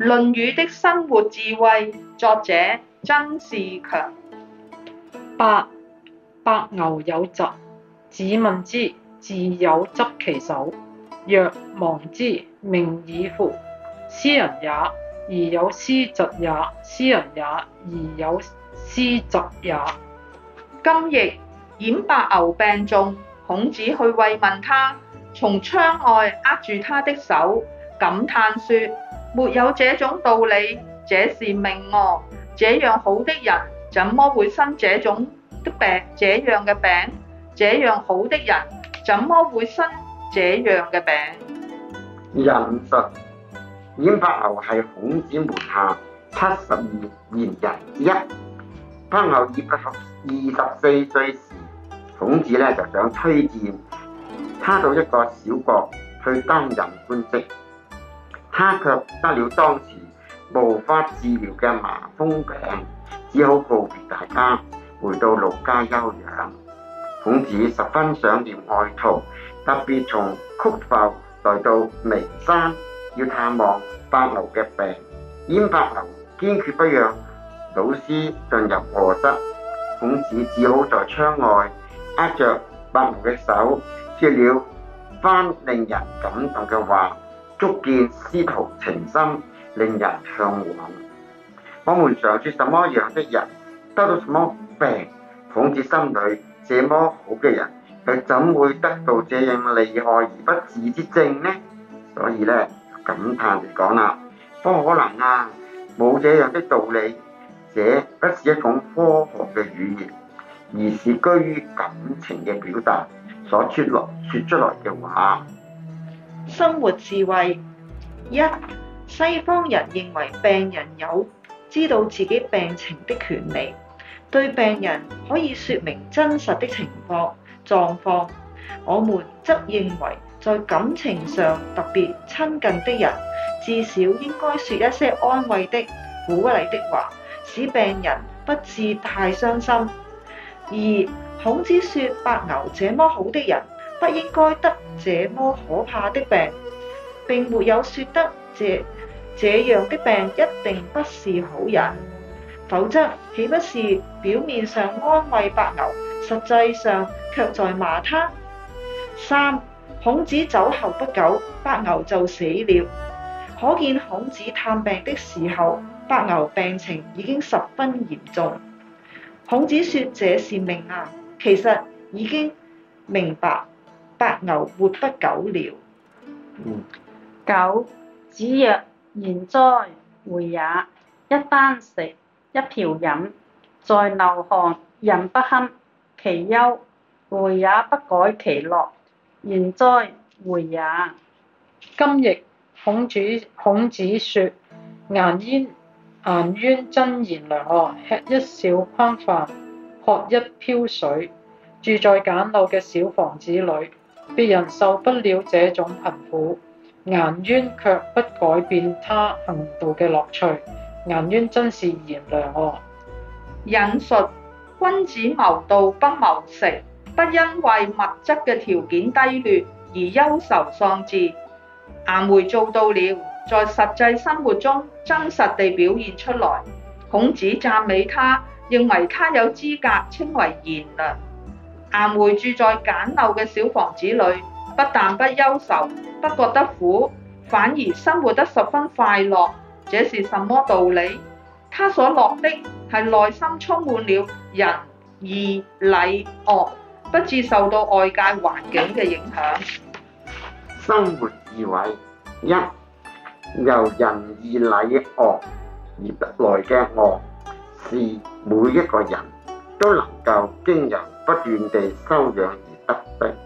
《論語》的生活智慧，作者曾仕強。八伯牛有疾，子問之，自牖執其手，若亡之，命矣夫！斯人也，而有斯疾也；斯人，人也，而有斯疾也。今譯，冉伯牛病重，孔子去慰問他，從窗外握住他的手，感嘆說。沒有這種道理，這是命哦、啊。這樣好的人，怎麼會生這種的病？這樣嘅病，這樣好的人，怎麼會生這樣嘅病？仁術，冉伯牛係孔子門下七十二賢人之一。伯牛二百二十四歲時，孔子咧就想推薦他到一個小國去擔任官職。他卻得了當時無法治療嘅麻風病，只好告別大家，回到老家休養。孔子十分想念愛徒，特別從曲阜來到眉山，要探望伯牛嘅病。冉伯牛堅決不讓老師進入臥室，孔子只好在窗外握着伯牛嘅手，說了番令人感動嘅話。足見師徒情深，令人嚮往。我們常説什麼樣的人得到什麼病，況且心裏這麼好嘅人，又怎會得到這樣厲害而不治之症呢？所以呢，感嘆嚟講啦，不可，可能啊，冇這樣的道理。這不是一種科學嘅語言，而是居於感情嘅表達所出落説出來嘅話。生活智慧一，西方人認為病人有知道自己病情的權利，對病人可以說明真實的情況狀況。我們則認為在感情上特別親近的人，至少應該說一些安慰的、鼓勵的話，使病人不至太傷心。二，孔子說白牛這麼好的人，不應該得這麼可怕的病，並沒有說得這這樣的病一定不是好人，否則豈不是表面上安慰白牛，實際上却在罵他？三孔子走後不久，白牛就死了，可見孔子探病的時候，白牛病情已經十分嚴重。孔子說這是命啊，其實已經明白。白牛活不久了。嗯、九子曰：賢哉，回也！一箪食，一瓢飲，在陋巷，人不堪其憂，回也不改其樂。賢哉，回也！今亦孔子孔子說顏淵顏淵真賢良哦，吃一小碗飯，喝一瓢水，住在簡陋嘅小房子裏。別人受不了這種貧苦，顏淵卻不改變他行道嘅樂趣，顏淵真是賢良哦。引述：君子謀道不謀食，不因為物質嘅條件低劣而憂愁喪志。顏、啊、回做到了，在實際生活中真實地表現出來。孔子讚美他，認為他有資格稱為賢良。顏回住在簡陋嘅小房子裏，不但不憂愁，不覺得苦，反而生活得十分快樂。這是什麼道理？他所樂的係內心充滿了仁義禮樂，不致受到外界環境嘅影響。生活智慧一，由仁義禮樂而得來嘅樂，是每一個人都能夠經由不斷地修養而得的。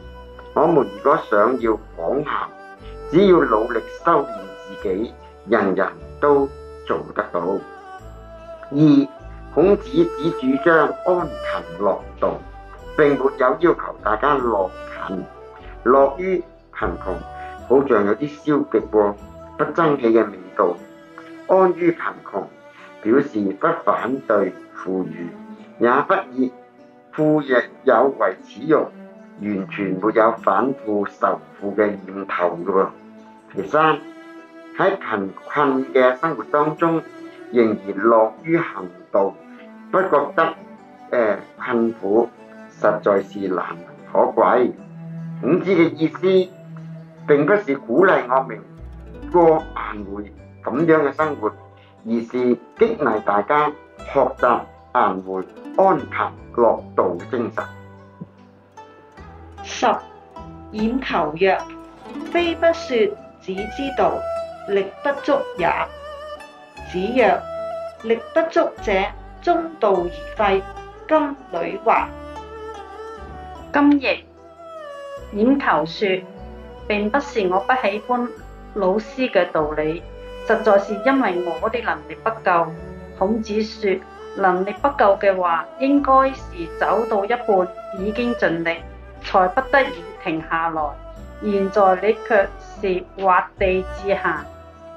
我們如果想要講行，只要努力修練自己，人人都做得到。二，孔子只主張安貧樂道，並沒有要求大家樂貧。樂於貧窮，好像有啲消極喎、哦，不爭氣嘅味道。安於貧窮，表示不反對富裕，也不熱富亦有為恥辱，完全沒有反叛仇富嘅念頭噶喎。其三喺貧困嘅生活當中，仍然樂於行道，不覺得誒、欸、困苦，實在是難能可貴。孔子嘅意思，並不是鼓勵我哋過顏回咁樣嘅生活，而是激勵大家學習。顏回安貧樂道嘅精神。十，冉求曰：非不說子之道，力不足也。子曰：力不足者，中道而廢。今女畫。今亦冉求說，並不是我不喜歡老師嘅道理，實在是因為我啲能力不夠。孔子說。能力不夠嘅話，應該是走到一半已經盡力，才不得已停下來。現在你卻是畫地自限，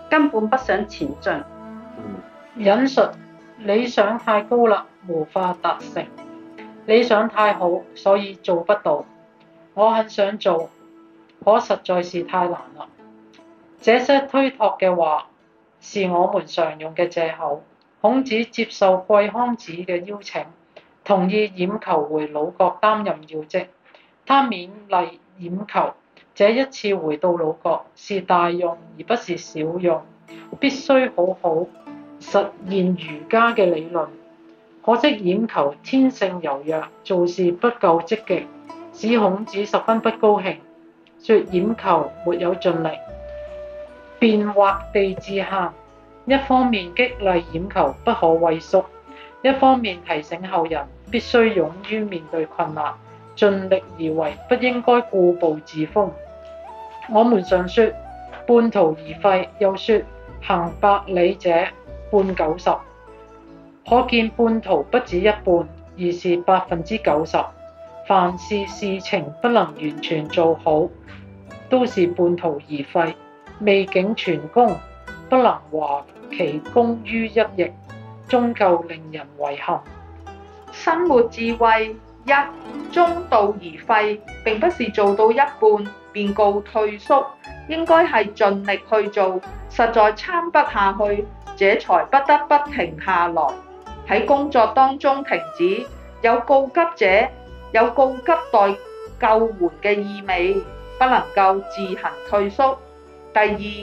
根本不想前進。引述理想太高啦，無法達成。理想太好，所以做不到。我很想做，可實在是太難啦。這些推託嘅話，是我們常用嘅藉口。孔子接受季康子嘅邀請，同意冉求回魯國擔任要職。他勉勵冉求，這一次回到魯國是大用而不是小用，必須好好實現儒家嘅理論。可惜冉求天性柔弱，做事不夠積極，使孔子十分不高興，說冉求沒有盡力，便畫地自下。一方面激勵冉求不可畏縮，一方面提醒後人必須勇於面對困難，盡力而為，不應該固步自封。我們常說半途而廢，又說行百里者半九十，可見半途不止一半，而是百分之九十。凡是事，事情不能完全做好，都是半途而廢，未竟全功。不能畢其功於一役，終究令人遺憾。生活智慧一：中道而廢，並不是做到一半便告退縮，應該係盡力去做，實在撐不下去，這才不得不停下來。喺工作當中停止。有告急者，有告急待救援嘅意味，不能夠自行退縮。第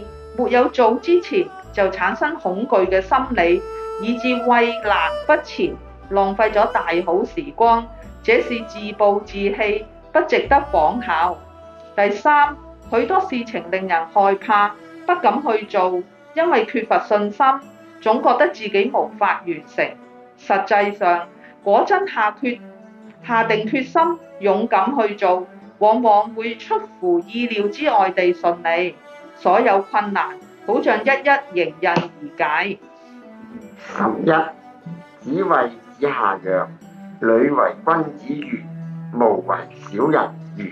二。沒有做之前就產生恐懼嘅心理，以致畏難不前，浪費咗大好時光，這是自暴自棄，不值得仿效。第三，許多事情令人害怕，不敢去做，因為缺乏信心，總覺得自己無法完成。實際上，果真下決，下定決心，勇敢去做，往往會出乎意料之外地順利。所有困難好像一一迎刃而解。十一，子謂子夏曰：女為君子儒，無為小人儒。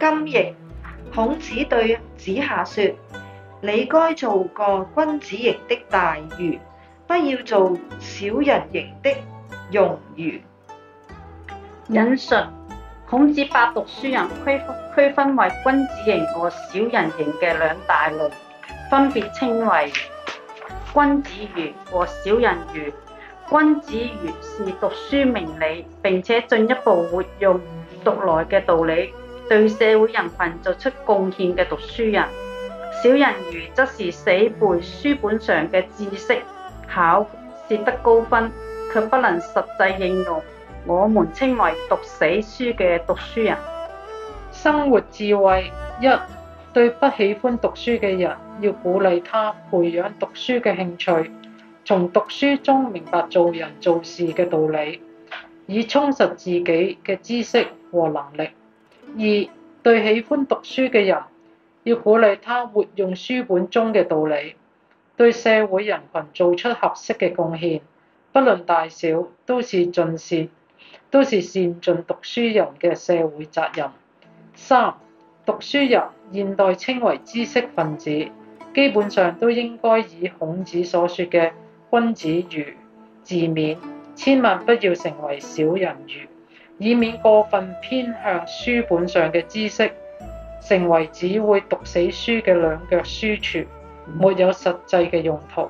今譯，孔子對子夏說：你該做個君子型的大儒，不要做小人型的庸儒。引述。孔子把讀書人區區分為君子型和小人型嘅兩大類，分別稱為君子儒和小人儒。君子儒是讀書明理並且進一步活用讀來嘅道理，對社會人群作出貢獻嘅讀書人；小人儒則是死背書本上嘅知識，考試得高分，卻不能實際應用。我們稱為讀死書嘅讀書人。生活智慧。一，對不喜歡讀書嘅人，要鼓勵他培養讀書嘅興趣，從讀書中明白做人做事嘅道理，以充實自己嘅知識和能力。二，對喜歡讀書嘅人，要鼓勵他活用書本中嘅道理，對社會人群做出合適嘅貢獻，不論大小，都是盡善都是善盡讀書人嘅社會責任。三讀書人，現代稱為知識分子，基本上都應該以孔子所說嘅君子儒自勉，千萬不要成為小人儒，以免過分偏向書本上嘅知識，成為只會讀死書嘅兩腳書廚，沒有實際嘅用途。